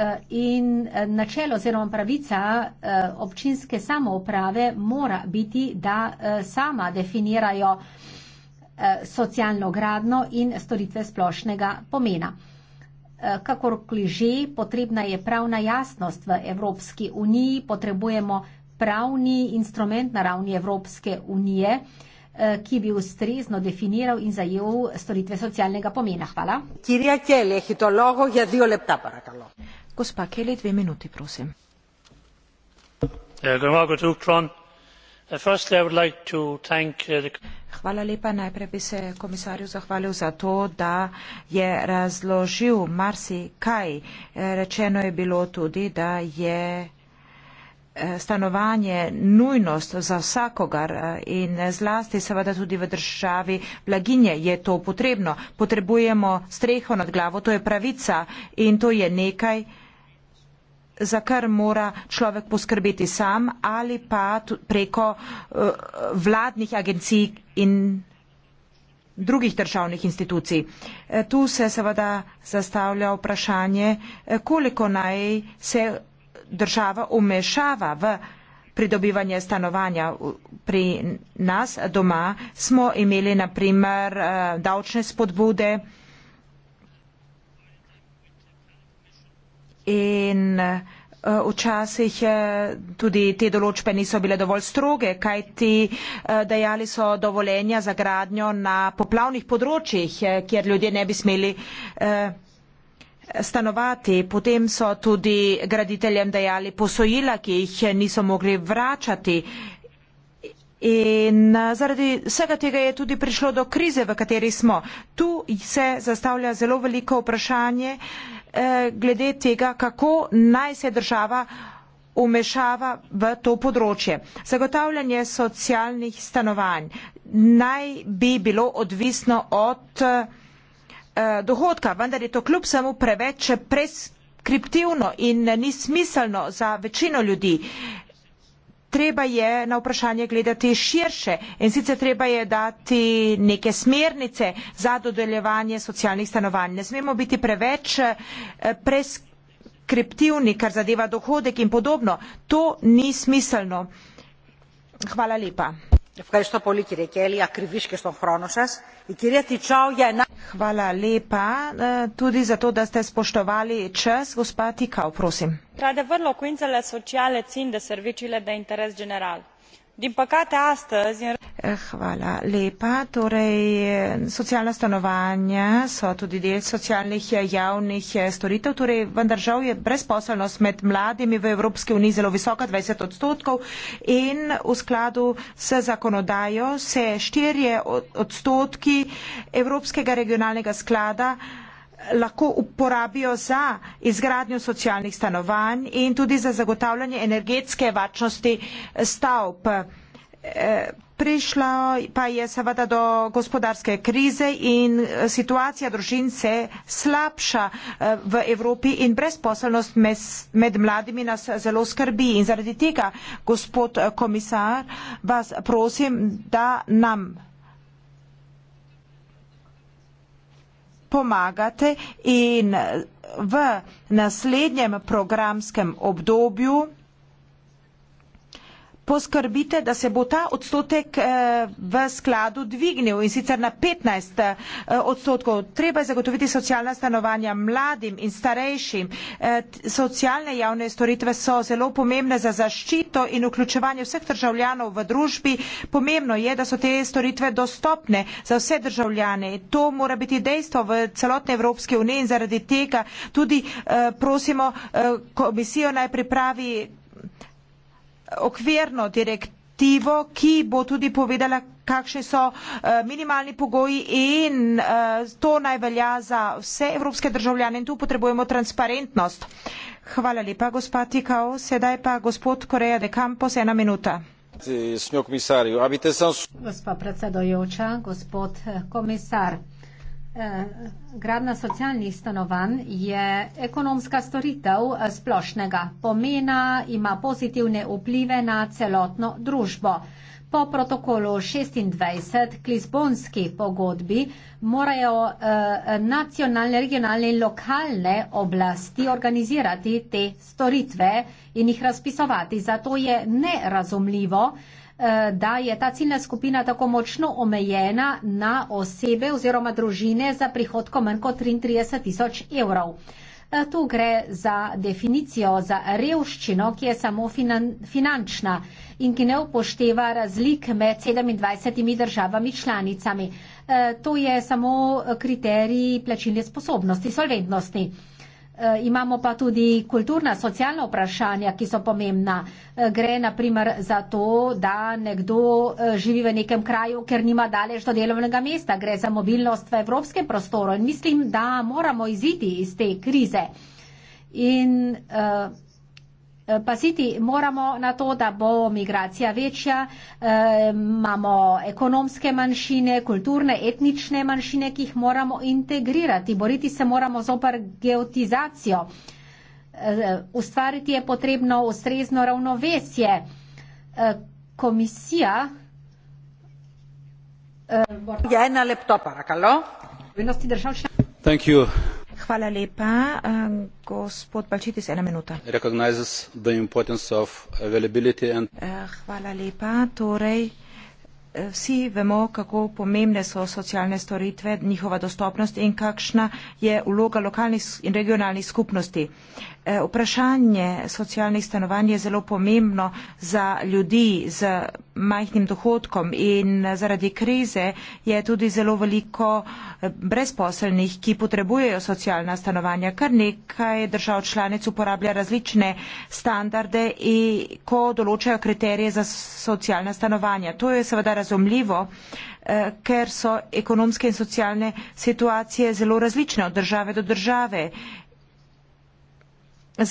Eh, in eh, načelo oziroma pravica eh, občinske samouprave mora biti, da sama definirajo socialno gradno in storitve splošnega pomena. Kakorkoli že, potrebna je pravna jasnost v Evropski uniji, potrebujemo pravni instrument na ravni Evropske unije, ki bi ustrezno definiral in zajel storitve socialnega pomena. Hvala gospa kelly dve minuti prosim ja, eh, eh, najprej bi se komisarju zahvalil za to da je razložil marsikaj eh, rečeno je bilo tudi da je stanovanje nujnost za vsakogar in zlasti seveda tudi v državi blaginje je to potrebno potrebujemo streho nad glavo to je pravica in to je nekaj za kar mora človek poskrbeti sam ali pa preko eh, vladnih agencij in drugih državnih institucij. Eh, tu se seveda zastavlja vprašanje, eh, koliko naj se država umešava v pridobivanje stanovanja. Pri nas doma smo imeli naprimer davčne spodbude, in eh, Včasih eh, tudi te določbe niso bile dovolj stroge, kajti eh, dajali so dovoljenja za gradnjo na poplavnih področjih, kjer ljudje ne bi smeli stanovati. Potem so tudi graditeljem dajali posojila, ki jih niso mogli vračati. In zaradi vsega tega je tudi prišlo do krize, v kateri smo. Tu se zastavlja zelo veliko vprašanje. Eh, glede tega, kako naj se država umešava v to področje. Zagotavljanje socialnih stanovanj naj bi bilo odvisno od eh, dohodka, vendar je to kljub samo preveč preskriptivno in ni smiselno za večino ljudi treba je na vprašanje gledati širše in sicer treba je dati neke smernice za dodeljevanje socialnih stanovanj. Ne smemo biti preveč eh, preskriptivni, kar zadeva dohodek in podobno. To ni smiselno. Hvala lepa. Ευχαριστώ πολύ κύριε Κέλλη, ακριβής και στον χρόνο σας. Η κυρία Τιτσάου για ένα... Hvala lepa, eh, tudi za to, da ste spoštovali čas. Gospa Tikao, prosim. Rade vrlo, kvinzele sociale cin de serviciile de interes general. Din păcate astăzi... Eh, hvala lepa. Torej, socialna stanovanja so tudi del socialnih eh, javnih eh, storitev, torej vendar žal je brezposelnost med mladimi v Evropski uniji zelo visoka, 20 odstotkov in v skladu s zakonodajo se štirje odstotki Evropskega regionalnega sklada lahko uporabijo za izgradnjo socialnih stanovanj in tudi za zagotavljanje energetske varčnosti stavb. Eh, Prišla pa je seveda do gospodarske krize in eh, situacija družin se slabša eh, v Evropi in brezposelnost med mladimi nas zelo skrbi. In zaradi tega, gospod komisar, vas prosim, da nam pomagate in v naslednjem programskem obdobju poskrbite, da se bo ta odstotek eh, v skladu dvignil in sicer na 15 eh, odstotkov. Treba je zagotoviti socialna stanovanja mladim in starejšim. Eh, socialne javne storitve so zelo pomembne za zaščito in vključevanje vseh državljanov v družbi. Pomembno je, da so te storitve dostopne za vse državljane. To mora biti dejstvo v celotne Evropske unije in zaradi tega tudi prosimo komisijo naj pripravi okvirno direktivo, ki bo tudi povedala, kakšni so eh, minimalni pogoji in eh, to naj velja za vse evropske državljane in tu potrebujemo transparentnost. Hvala lepa, gospod Tikao. Sedaj pa gospod Koreja de Campos, ena minuta. Gospa predsedojoča, gospod eh, komisar. Eh, gradna socialnih stanovanj je ekonomska storitev eh, splošnega pomena, ima pozitivne vplive na celotno družbo. Po protokolu 26 k Lizbonski pogodbi morajo eh, nacionalne, regionalne in lokalne oblasti organizirati te storitve in jih razpisovati. Zato je nerazumljivo, Eh, da je ta ciljna skupina tako močno omejena na osebe oziroma družine za prihodko manj kot 33 tisoč evrov. Eh, tu gre za definicijo za revščino, ki je samo finan, finančna in ki ne upošteva razlik med 27 državami članicami. Eh, to je samo kriterij plačilne sposobnosti, solventnosti. Eh, imamo pa tudi kulturna, socialna vprašanja, ki so pomembna. Eh, gre naprimer za to, da nekdo eh, živi v nekem kraju, ker nima daleč do delovnega mesta. Gre za mobilnost v evropskem prostoru in mislim, da moramo iziti iz te krize. In, uh, Eh, paziti moramo na to, da bo migracija večja. E, imamo ekonomske manjšine, kulturne, etnične manjšine, ki jih moramo integrirati. Boriti se moramo zopr geotizacijo. E, ustvariti je potrebno ustrezno ravnovesje. E, komisija. E, je ja, na laptopu, rakalo. Thank you, Eh, eh, torej Vsi vemo, kako pomembne so socialne storitve, njihova dostopnost in kakšna je vloga lokalnih in regionalnih skupnosti. E, vprašanje socialnih stanovanj je zelo pomembno za ljudi z majhnim dohodkom in zaradi krize je tudi zelo veliko e, brezposelnih, ki potrebujejo socialna stanovanja. Kar nekaj držav članic uporablja različne standarde, e, ko določajo kriterije za socialna stanovanja. To je seveda razumljivo, eh, ker so ekonomske in socialne situacije zelo različne od države do države.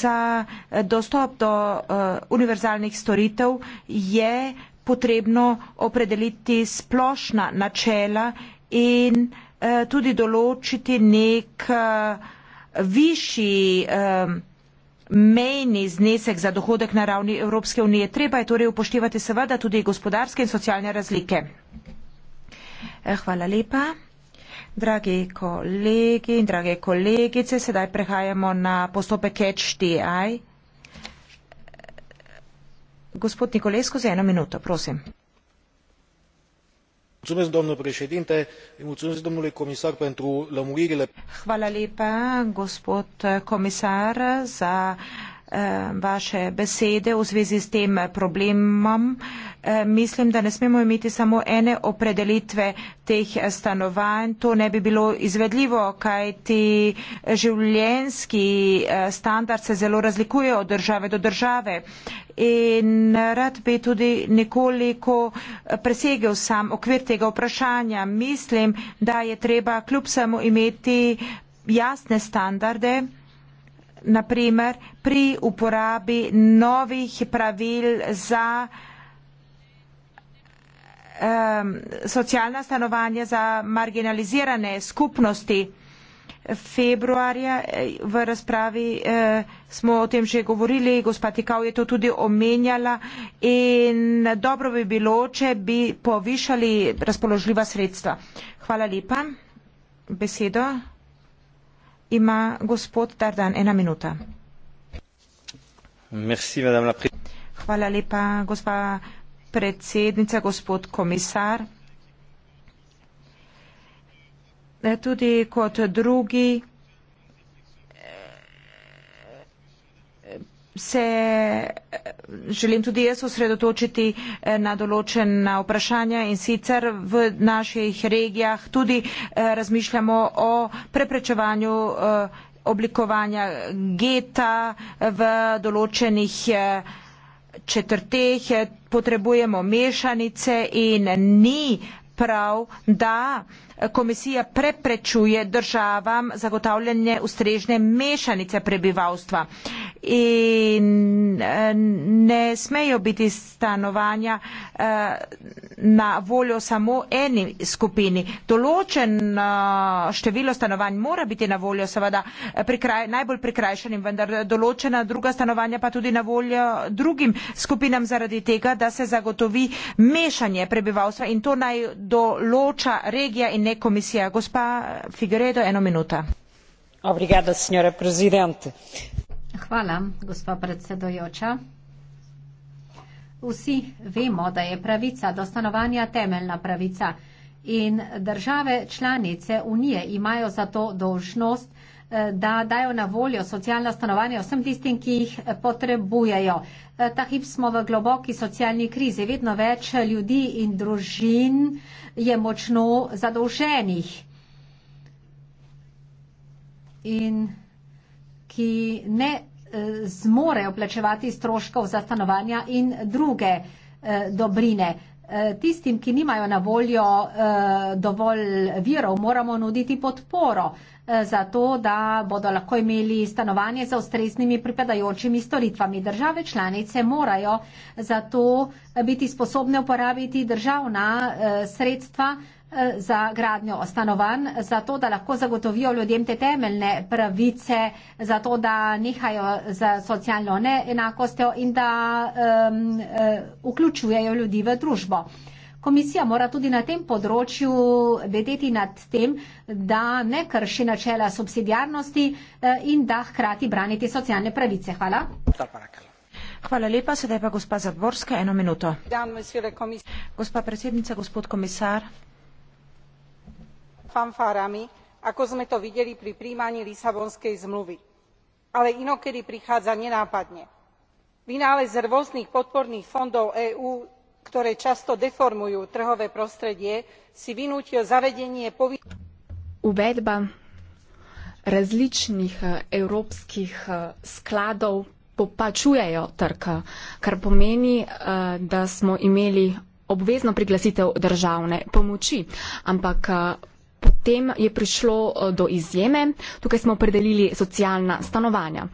Za eh, dostop do eh, univerzalnih storitev je potrebno opredeliti splošna načela in tudi določiti nek višji um, mejni znesek za dohodek na ravni Evropske unije. Treba je torej upoštevati seveda tudi gospodarske in socialne razlike. Eh, hvala lepa. Dragi kolegi in drage kolegice, sedaj prehajamo na postopek HDI. Gospod Nikolesko, za eno minuto, prosim îi mulțumesc domnului comisar pentru lămuririle Eh, vaše besede v zvezi s tem problemom. Eh, mislim, da ne smemo imeti samo ene opredelitve teh eh, stanovanj. To ne bi bilo izvedljivo, kaj ti življenski standard se zelo razlikuje od države do države. In rad bi tudi nekoliko presegel sam okvir tega vprašanja. Mislim, da je treba kljub samo imeti jasne standarde naprimer pri uporabi novih pravil za um, socialna stanovanja za marginalizirane skupnosti. Februarja eh, v razpravi eh, smo o tem že govorili, gospa Tikav je to tudi omenjala in dobro bi bilo, če bi povišali razpoložljiva sredstva. Hvala lepa. Besedo. Ima gospod Tardan ena minuta. Merci, Hvala lepa, gospa predsednica, gospod komisar. Tudi kot drugi. se eh, želim tudi jaz osredotočiti eh, na določena vprašanja in sicer v naših regijah tudi eh, razmišljamo o preprečevanju oblikovanja geta v določenih četrteh, potrebujemo mešanice in ni prav, da komisija preprečuje državam zagotavljanje ustrežne mešanice prebivalstva in eh, ne smejo biti stanovanja eh, na voljo samo eni skupini. Določeno eh, število stanovanj mora biti na voljo seveda prikraj, najbolj prikrajšanim, vendar določena druga stanovanja pa tudi na voljo drugim skupinam zaradi tega, da se zagotovi mešanje prebivalstva in to naj določa regija in ne komisija. gospa figueredo ena minuta. Obrigada, signora presidente. Hvala, gospa predsedojoča. Vsi vemo, da je pravica do stanovanja temeljna pravica in države članice Unije imajo zato dožnost da dajo na voljo socialna stanovanja vsem tistim, ki jih eh, potrebujejo. Eh, ta hip smo v globoki socialni krizi. Vedno več ljudi in družin je močno zadolženih in ki ne eh, zmorejo plačevati stroškov za stanovanja in druge dobrine. Eh, tistim, ki nimajo na voljo eh, dovolj virov, moramo nuditi podporo eh, za to, da bodo lahko imeli stanovanje za ustreznimi pripadajočimi storitvami. Države članice morajo za to biti sposobne uporabiti državna sredstva, za gradnjo stanovanj, za to, da lahko zagotovijo ljudem te temeljne pravice, za to, da nehajo z socialno neenakostjo in da um, vključujejo ljudi v družbo. Komisija mora tudi na tem področju vedeti nad tem, da ne krši načela subsidiarnosti eh, in da hkrati braniti socialne pravice. Hvala. Hvala lepa. Sedaj pa gospa Zaborska, eno minuto. Gospa predsednica, gospod komisar fanfárami ako sme to videli pri prijímaní lisabonskej zmluvy ale inokedy prichádza nenápadne. vynález rôznych podporných fondov eú ktoré často deformujú trhové prostredie si vynútil zavedenie uvedba različných európskych eh, eh, skladov popačujejo trg, kar pomeni, eh, da smo imeli obvezno priglasitev državne pomoči. Ampak potem je prišlo eh, do izjeme, tukaj smo opredelili socialna stanovanja.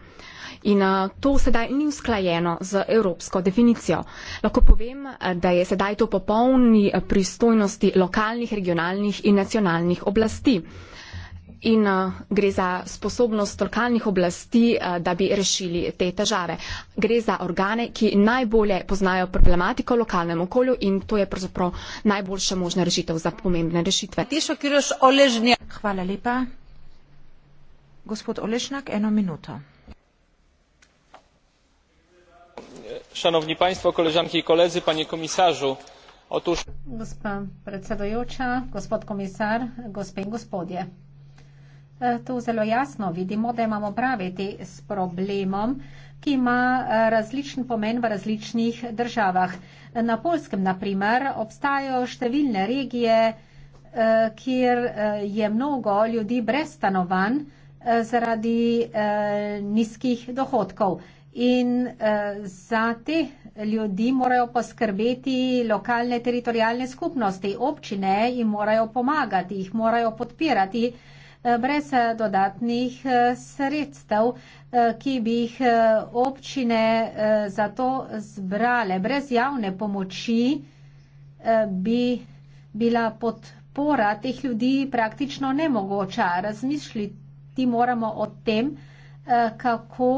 In eh, to sedaj ni usklajeno z evropsko definicijo. Lahko povem, eh, da je sedaj to popolni pristojnosti lokalnih, regionalnih in nacionalnih oblasti in eh, gre za sposobnost lokalnih oblasti, eh, da bi rešili te težave. Gre za organe, ki najbolje poznajo problematiko v lokalnem okolju in to je pravzaprav najboljša možna rešitev za pomembne rešitve. Hvala lepa. Gospod Olešnak, eno minuto. Šanovni panjstvo, koležanki in koledzi, panje komisažu. Otuž... Gospa predsedojoča, gospod komisar, gospe in gospodje. Eh, tu zelo jasno vidimo, da imamo praviti s problemom, ki ima eh, različen pomen v različnih državah. Na Polskem, na primer, obstajajo številne regije, eh, kjer je mnogo ljudi brez stanovanj zaradi nizkih dohodkov. In za te ljudi morajo poskrbeti lokalne teritorijalne skupnosti. Občine jim morajo pomagati, jih morajo podpirati brez eh, dodatnih eh, sredstev, eh, ki bi jih občine za to zbrale. Brez javne pomoči bi bila podpora teh ljudi praktično nemogoča. Razmišljati moramo o tem, kako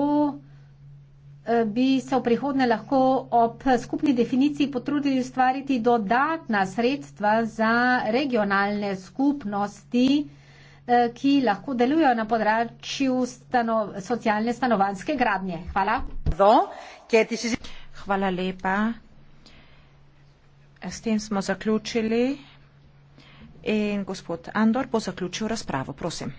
bi se v prihodne lahko ob skupni definiciji potrudili ustvariti dodatna sredstva za regionalne skupnosti, Eh, ki lahko delujejo na področju stano, socialne stanovanske gradnje. Hvala. Hvala lepa. S tem smo zaključili. In gospod Andor bo zaključil razpravo. Prosim.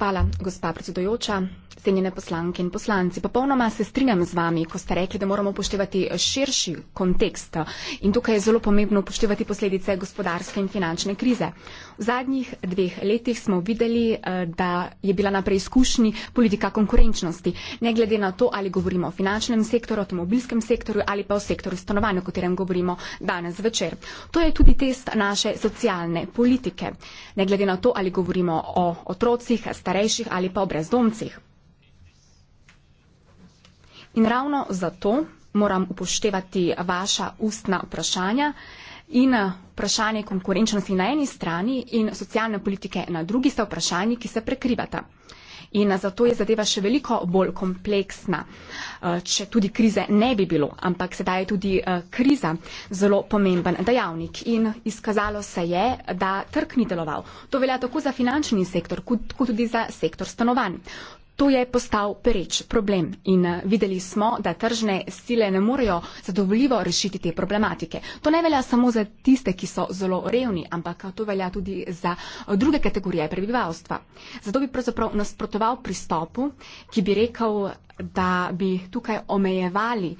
Hvala, gospa predsedujoča. Cenjene poslanke in poslanci, popolnoma se strinjam z vami, ko ste rekli, da moramo upoštevati širši kontekst in tukaj je zelo pomembno upoštevati posledice gospodarske in finančne krize. V zadnjih dveh letih smo videli, eh, da je bila na preizkušnji politika konkurenčnosti, ne glede na to, ali govorimo o finančnem sektoru, avtomobilskem sektoru ali pa o sektoru stanovanja, o katerem govorimo danes večer. To je tudi test naše socialne politike, ne glede na to, ali govorimo o otrocih, starejših ali pa o brezdomcih. In ravno zato moram upoštevati vaša ustna vprašanja in eh, vprašanje konkurenčnosti na eni strani in socialne politike na drugi sta vprašanji, ki se prekrivata. In eh, zato je zadeva še veliko bolj kompleksna, eh, če tudi krize ne bi bilo, ampak sedaj je tudi kriza zelo pomemben dejavnik in izkazalo se je, da trg ni deloval. To velja tako za finančni sektor, kot tudi za sektor stanovanj. To je postal pereč problem in eh, videli smo, da tržne sile ne morejo zadovoljivo rešiti te problematike. To ne velja samo za tiste, ki so zelo revni, ampak to velja tudi za eh, druge kategorije prebivalstva. Zato bi pravzaprav nasprotoval pristopu, ki bi rekel, da bi tukaj omejevali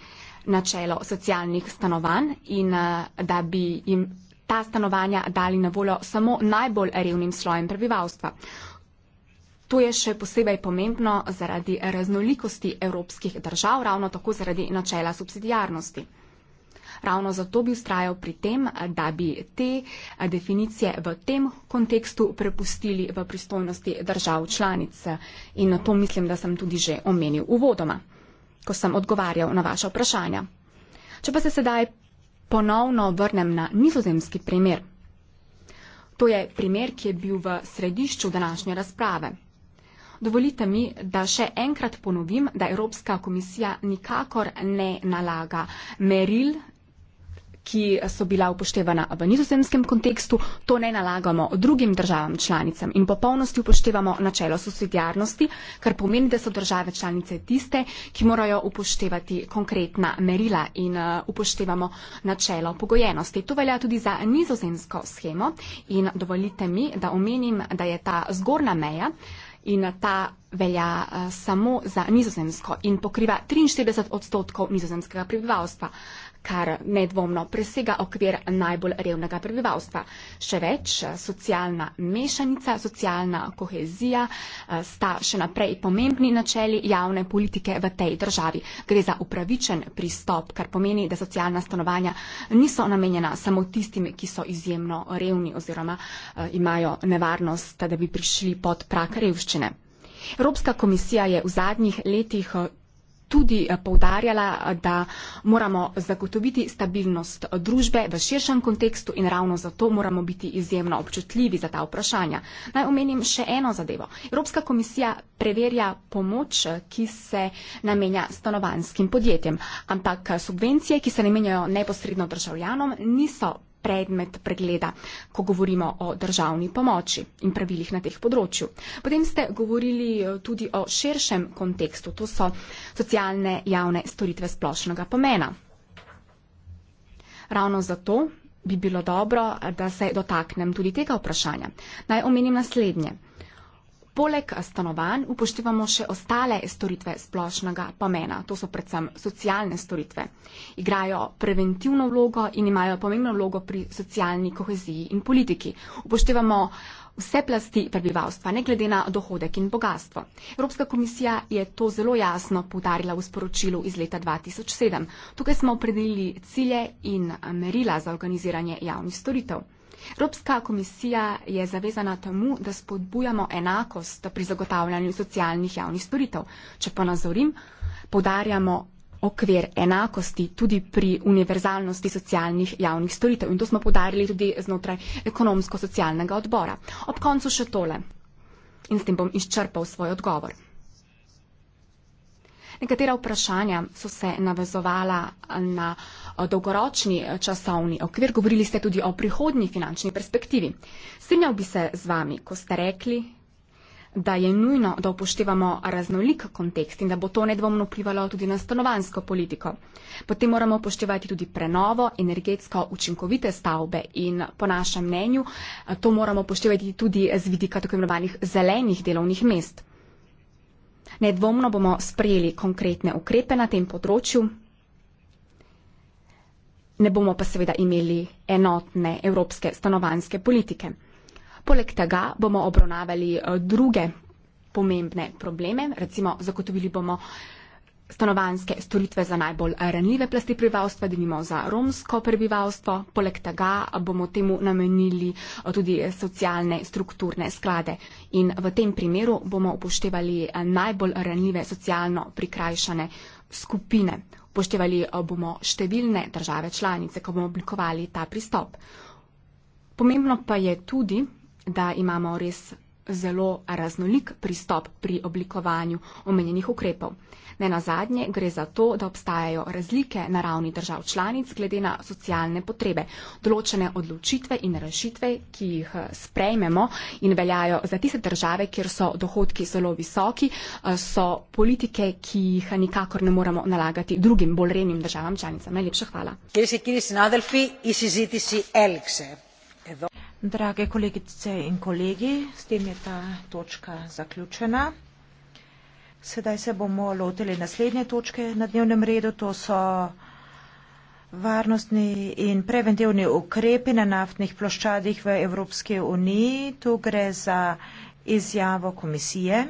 načelo socialnih stanovanj in eh, da bi jim ta stanovanja dali na voljo samo najbolj revnim slojem prebivalstva. To je še posebej pomembno zaradi raznolikosti evropskih držav, ravno tako zaradi načela subsidijarnosti. Ravno zato bi ustrajal pri tem, da bi te definicije v tem kontekstu prepustili v pristojnosti držav članic. In na to mislim, da sem tudi že omenil uvodoma, ko sem odgovarjal na vaše vprašanja. Če pa se sedaj ponovno vrnem na nizozemski primer. To je primer, ki je bil v središču današnje razprave. Dovolite mi, da še enkrat ponovim, da Evropska komisija nikakor ne nalaga meril ki so bila upoštevana v nizozemskem kontekstu, to ne nalagamo drugim državam članicam in popolnosti upoštevamo načelo subsidiarnosti, kar pomeni, da so države članice tiste, ki morajo upoštevati konkretna merila in eh, upoštevamo načelo pogojenosti. To velja tudi za nizozemsko schemo in dovolite mi, da omenim, da je ta zgornja meja in ta velja eh, samo za Nizozemsko in pokriva 43 odstotkov nizozemskega prebivalstva kar nedvomno presega okvir najbolj revnega prebivalstva. Še več, socialna mešanica, socialna kohezija eh, sta še naprej pomembni načeli javne politike v tej državi. Gre za upravičen pristop, kar pomeni, da socialna stanovanja niso namenjena samo tistim, ki so izjemno revni oziroma eh, imajo nevarnost, da bi prišli pod prak revščine. Evropska komisija je v zadnjih letih eh, tudi eh, poudarjala, da moramo zagotoviti stabilnost eh, družbe v širšem kontekstu in ravno zato moramo biti izjemno občutljivi za ta vprašanja. Naj omenim še eno zadevo. Evropska komisija preverja pomoč, eh, ki se namenja stanovanskim podjetjem, ampak subvencije, ki se namenjajo neposredno državljanom, niso predmet pregleda, ko govorimo o državni pomoči in pravilih na teh področju. Potem ste govorili eh, tudi o širšem kontekstu, to so socialne javne storitve splošnega pomena. Ravno zato bi bilo dobro, da se dotaknem tudi tega vprašanja. Naj omenim naslednje. Poleg stanovanj upoštevamo še ostale storitve splošnega pomena, to so predvsem socialne storitve. Igrajo preventivno vlogo in imajo pomembno vlogo pri socialni koheziji in politiki. Upoštevamo vse plasti prebivalstva, ne glede na dohodek in bogatstvo. Evropska komisija je to zelo jasno povdarila v sporočilu iz leta 2007. Tukaj smo opredelili cilje in merila za organiziranje javnih storitev. Evropska komisija je zavezana temu, da spodbujamo enakost pri zagotavljanju socialnih javnih storitev. Če ponazorim, podarjamo okvir enakosti tudi pri univerzalnosti socialnih javnih storitev in to smo podarili tudi znotraj ekonomsko-socialnega odbora. Ob koncu še tole in s tem bom izčrpal svoj odgovor. Nekatera vprašanja so se navezovala na dolgoročni eh, časovni okvir, govorili ste tudi o prihodnji finančni perspektivi. Strinjal bi se z vami, ko ste rekli, da je nujno, da upoštevamo raznolik kontekst in da bo to nedvomno vplivalo tudi na stanovansko politiko. Potem moramo upoštevati tudi prenovo, energetsko učinkovite stavbe in po našem mnenju eh, to moramo upoštevati tudi z vidika tako imenovanih zelenih delovnih mest. Nedvomno bomo sprejeli konkretne ukrepe na tem področju ne bomo pa seveda imeli enotne evropske stanovanske politike. Poleg tega bomo obravnavali eh, druge pomembne probleme, recimo zagotovili bomo stanovanske storitve za najbolj eh, ranljive plasti prebivalstva, delimo za romsko prebivalstvo, poleg tega bomo temu namenili eh, tudi socialne strukturne sklade in v tem primeru bomo upoštevali najbolj ranljive socialno prikrajšane skupine. Upoštevali eh, bomo številne države članice, ko bomo oblikovali ta pristop. Pomembno pa je tudi, da imamo res zelo raznolik pristop pri oblikovanju omenjenih ukrepov. Ne na zadnje gre za to, da obstajajo razlike na ravni držav članic glede na socialne potrebe. Določene odločitve in rešitve, ki jih eh, sprejmemo in veljajo za tiste države, kjer so dohodki zelo visoki, eh, so politike, ki jih nikakor ne moramo nalagati drugim bolj revnim državam članicam. Najlepša hvala. Drage kolegice in kolegi, s tem je ta točka zaključena. Sedaj se bomo lotili naslednje točke na dnevnem redu. To so varnostni in preventivni ukrepi na naftnih ploščadih v Evropski uniji. Tu gre za izjavo komisije.